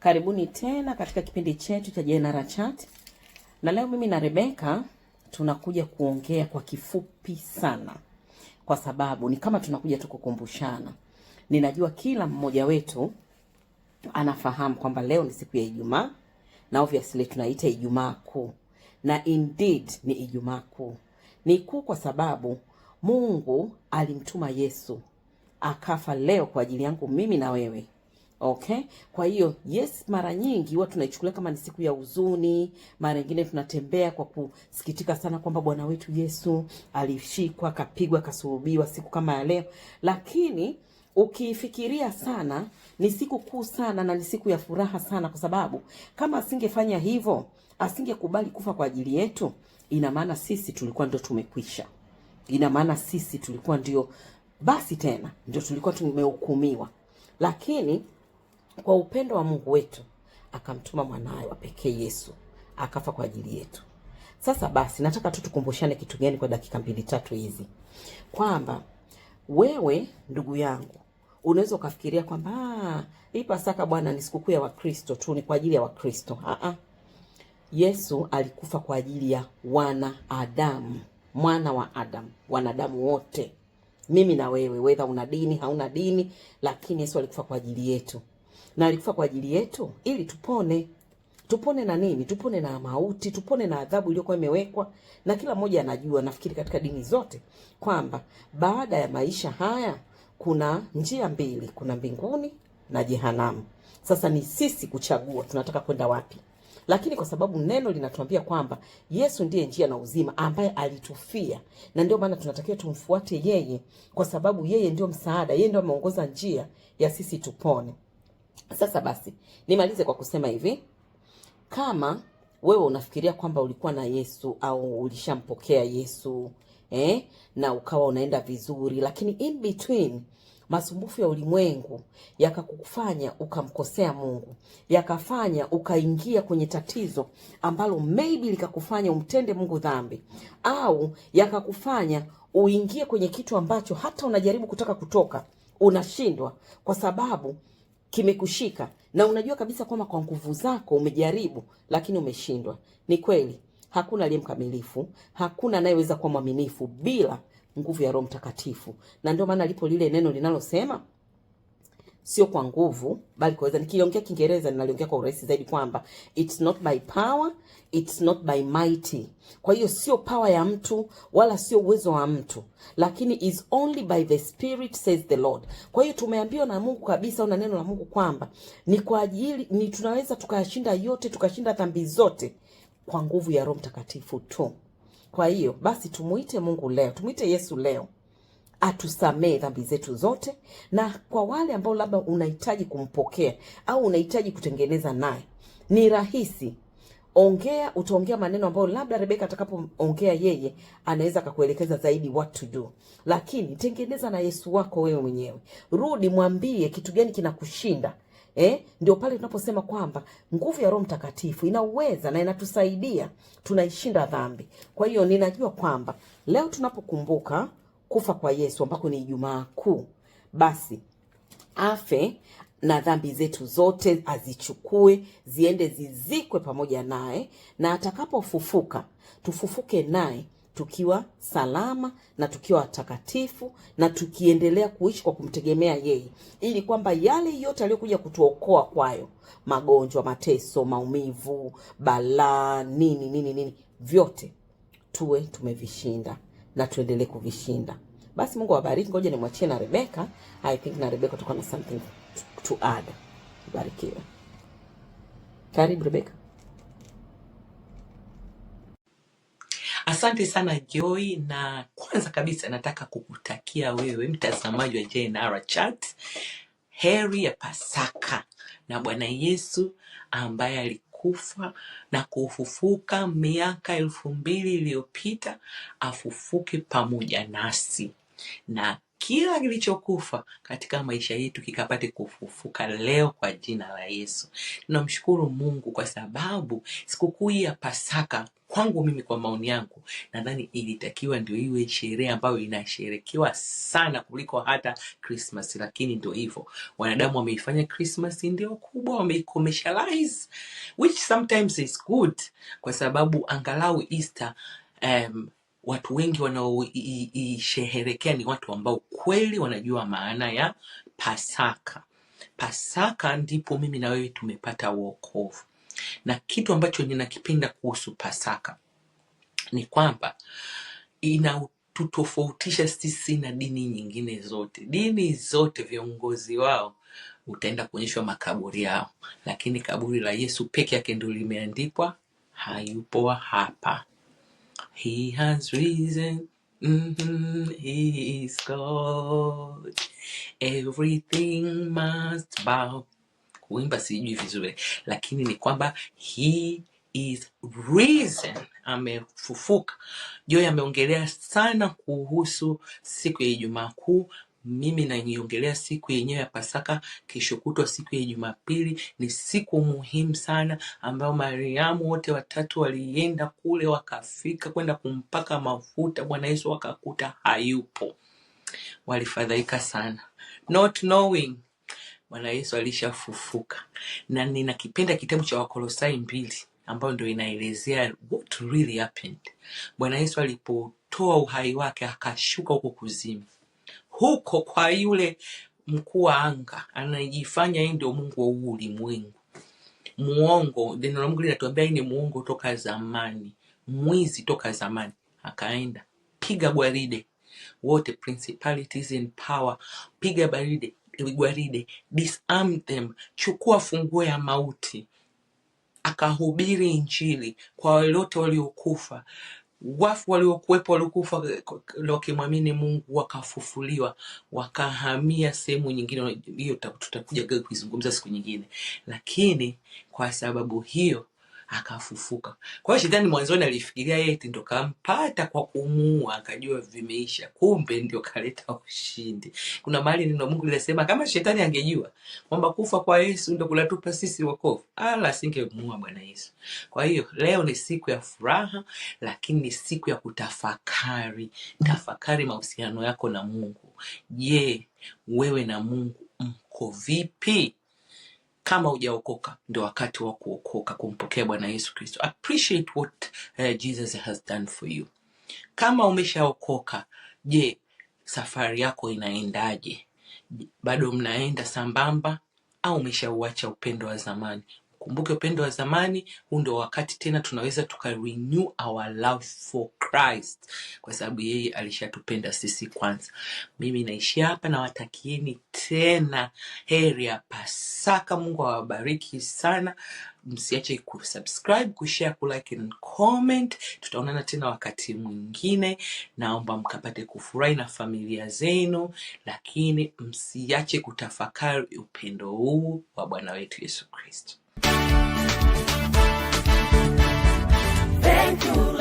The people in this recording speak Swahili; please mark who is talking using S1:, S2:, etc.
S1: Karibuni tena katika kipindi chetu cha General Chat, na leo mimi na Rebeka tunakuja kuongea kwa kifupi sana, kwa sababu ni kama tunakuja tu kukumbushana. Ninajua kila mmoja wetu anafahamu kwamba leo ni siku ya Ijumaa na obviously tunaita Ijumaa Kuu, na indeed ni Ijumaa Kuu. Ni kuu kwa sababu Mungu alimtuma Yesu akafa leo kwa ajili yangu mimi na wewe Okay, kwa hiyo yes, mara nyingi huwa tunaichukulia kama ni siku ya huzuni. Mara nyingine tunatembea kwa kusikitika sana kwamba Bwana wetu Yesu alishikwa, akapigwa, akasulubiwa siku kama ya leo, lakini ukifikiria sana ni siku kuu sana na ni siku ya furaha sana, kwa sababu kama asingefanya hivyo, asingekubali kufa kwa ajili yetu, ina maana sisi tulikuwa ndio tumekwisha, ina maana sisi tulikuwa ndio basi tena ndio tulikuwa tumehukumiwa, lakini kwa upendo wa Mungu wetu akamtuma mwanawe wa pekee Yesu akafa kwa ajili yetu. Sasa basi, nataka tu tukumbushane kitu gani kwa dakika mbili tatu hizi, kwamba wewe ndugu yangu unaweza ukafikiria kwamba ah, hii Pasaka bwana ni sikukuu ya Wakristo tu, ni kwa ajili ya Wakristo. Aa, ah, ah. Yesu alikufa kwa ajili ya wanaadamu, mwana wa Adamu, wanadamu wote, mimi na wewe, wedha una dini hauna dini, lakini Yesu alikufa kwa ajili yetu na alikufa kwa ajili yetu ili tupone. Tupone na nini? Tupone na mauti, tupone na adhabu iliyokuwa imewekwa, na kila mmoja anajua, nafikiri katika dini zote kwamba baada ya maisha haya kuna njia mbili, kuna mbinguni na jehanamu. Sasa ni sisi kuchagua tunataka kwenda wapi, lakini kwa sababu neno linatuambia kwamba Yesu ndiye njia na uzima, ambaye alitufia, na ndio maana tunatakiwa tumfuate yeye, kwa sababu yeye ndio msaada, yeye ndio ameongoza njia ya sisi tupone. Sasa basi nimalize kwa kusema hivi, kama wewe unafikiria kwamba ulikuwa na Yesu au ulishampokea Yesu eh, na ukawa unaenda vizuri, lakini in between masumbufu ya ulimwengu yakakufanya ukamkosea Mungu, yakafanya ukaingia kwenye tatizo ambalo maybe likakufanya umtende Mungu dhambi, au yakakufanya uingie kwenye kitu ambacho hata unajaribu kutaka kutoka unashindwa, kwa sababu kimekushika na unajua kabisa kwamba kwa nguvu zako umejaribu lakini umeshindwa. Ni kweli hakuna aliye mkamilifu, hakuna anayeweza kuwa mwaminifu bila nguvu ya Roho Mtakatifu, na ndio maana lipo lile neno linalosema sio kwa nguvu, bali kwaweza. Nikiongea Kiingereza ninaliongea kwa urahisi zaidi kwamba it's not by power, it's not by might. Kwa hiyo sio power ya mtu wala sio uwezo wa mtu, lakini is only by the spirit says the Lord. Kwa hiyo tumeambiwa na Mungu kabisa, una neno la Mungu kwamba ni kwa ajili ni tunaweza tukayashinda yote, tukashinda dhambi zote kwa nguvu ya Roho Mtakatifu tu. Kwa hiyo basi tumuite Mungu leo, tumuite Yesu leo atusamee dhambi zetu zote, na kwa wale ambao labda unahitaji kumpokea au unahitaji kutengeneza naye, ni rahisi ongea. Utaongea maneno ambayo labda Rebeka atakapoongea yeye anaweza akakuelekeza zaidi what to do, lakini tengeneza na Yesu wako wewe mwenyewe. Rudi, mwambie kitu gani kinakushinda. Eh, ndio pale tunaposema kwamba nguvu ya Roho Mtakatifu inauweza na inatusaidia, tunaishinda dhambi. Kwa hiyo ninajua kwamba leo tunapokumbuka kufa kwa Yesu ambako ni Ijumaa Kuu, basi afe na dhambi zetu zote azichukue ziende zizikwe pamoja naye, na atakapofufuka tufufuke naye tukiwa salama na tukiwa watakatifu na tukiendelea kuishi kwa kumtegemea yeye, ili kwamba yale yote aliyokuja kutuokoa kwayo, magonjwa, mateso, maumivu, balaa, nini nini nini, vyote tuwe tumevishinda na tuendelee kuvishinda. Basi Mungu awabariki. Ngoja nimwachie na Rebeka. I think na Rebeka tutakuwa na something to add. Barikiwe. Karibu Rebeka.
S2: Asante sana Joy, na kwanza kabisa nataka kukutakia wewe mtazamaji wa JNR Chat heri ya Pasaka na Bwana Yesu ambaye kufa na kufufuka miaka elfu mbili iliyopita afufuke pamoja nasi na kila kilichokufa katika maisha yetu kikapate kufufuka leo kwa jina la Yesu. Tunamshukuru Mungu kwa sababu sikukuu ya Pasaka kwangu mimi, kwa maoni yangu, nadhani ilitakiwa ndio iwe sherehe ambayo inasherekewa sana kuliko hata Christmas, lakini ndio hivyo, wanadamu wameifanya Christmas ndio kubwa, wameicommercialize which sometimes is good, kwa sababu angalau Easter um, watu wengi wanaoisherehekea ni watu ambao kweli wanajua maana ya Pasaka. Pasaka ndipo mimi na wewe tumepata wokovu, na kitu ambacho ninakipenda kuhusu Pasaka ni kwamba ina tutofautisha sisi na dini nyingine zote. Dini zote viongozi wao utaenda kuonyeshwa makaburi yao, lakini kaburi la Yesu peke yake ndio limeandikwa hayupo hapa. He has risen. hmm He is God. Everything must bow. Kuimba sijui vizuri, lakini ni kwamba he is risen, amefufuka. Joy ameongelea sana kuhusu siku ya Ijumaa Kuu mimi naiongelea siku yenyewe ya Pasaka, kesho kutwa siku ya Jumapili. Ni siku muhimu sana ambayo Mariamu wote watatu walienda kule, wakafika kwenda kumpaka mafuta Bwana Yesu, wakakuta hayupo. Walifadhaika sana not knowing Bwana Yesu alishafufuka, na ninakipenda kitabu cha Wakolosai mbili ambayo ndio inaelezea what really happened. Bwana Yesu alipotoa uhai wake akashuka huko kuzimu huko kwa yule mkuu wa anga anajifanya yeye ndio Mungu wa huu ulimwengu. Muongo, neno la Mungu linatuambia yeye ni muongo toka zamani, mwizi toka zamani. Akaenda piga gwaride wote, principalities in power, piga baride gwaride, disarm them, chukua funguo ya mauti. Akahubiri Injili kwa wale wote waliokufa wafu waliokuwepo waliokufa wakimwamini Mungu wakafufuliwa, wakahamia sehemu nyingine. Hiyo tutakuja kuizungumza siku nyingine, lakini kwa sababu hiyo akafufuka. Kwa hiyo shetani mwanzoni alifikiria yeye ndo kampata kwa kumuua, akajua vimeisha, kumbe ndio kaleta ushindi. Kuna mahali neno Mungu linasema kama shetani angejua kwamba kufa kwa Yesu ndo kulatupa sisi wokovu, ala, asingemuua Bwana Yesu. Kwa hiyo leo ni siku ya furaha, lakini ni siku ya kutafakari. Tafakari mahusiano yako na Mungu. Je, wewe na Mungu mko vipi? kama hujaokoka ndio wakati wa kuokoka kumpokea bwana yesu kristo appreciate what uh, jesus has done for you kama umeshaokoka je safari yako inaendaje bado mnaenda sambamba au umeshauacha upendo wa zamani Kumbuke upendo wa zamani. Huu ndio wakati tena tunaweza tuka renew our love for Christ, kwa sababu yeye alishatupenda sisi kwanza. Mimi naishia hapa, nawatakieni tena heri ya Pasaka. Mungu awabariki sana. Msiache kusubscribe, kushare, kulike and comment. Tutaonana tena wakati mwingine. Naomba mkapate kufurahi na familia zenu, lakini msiache kutafakari upendo huu wa Bwana wetu Yesu Kristo. Vem pro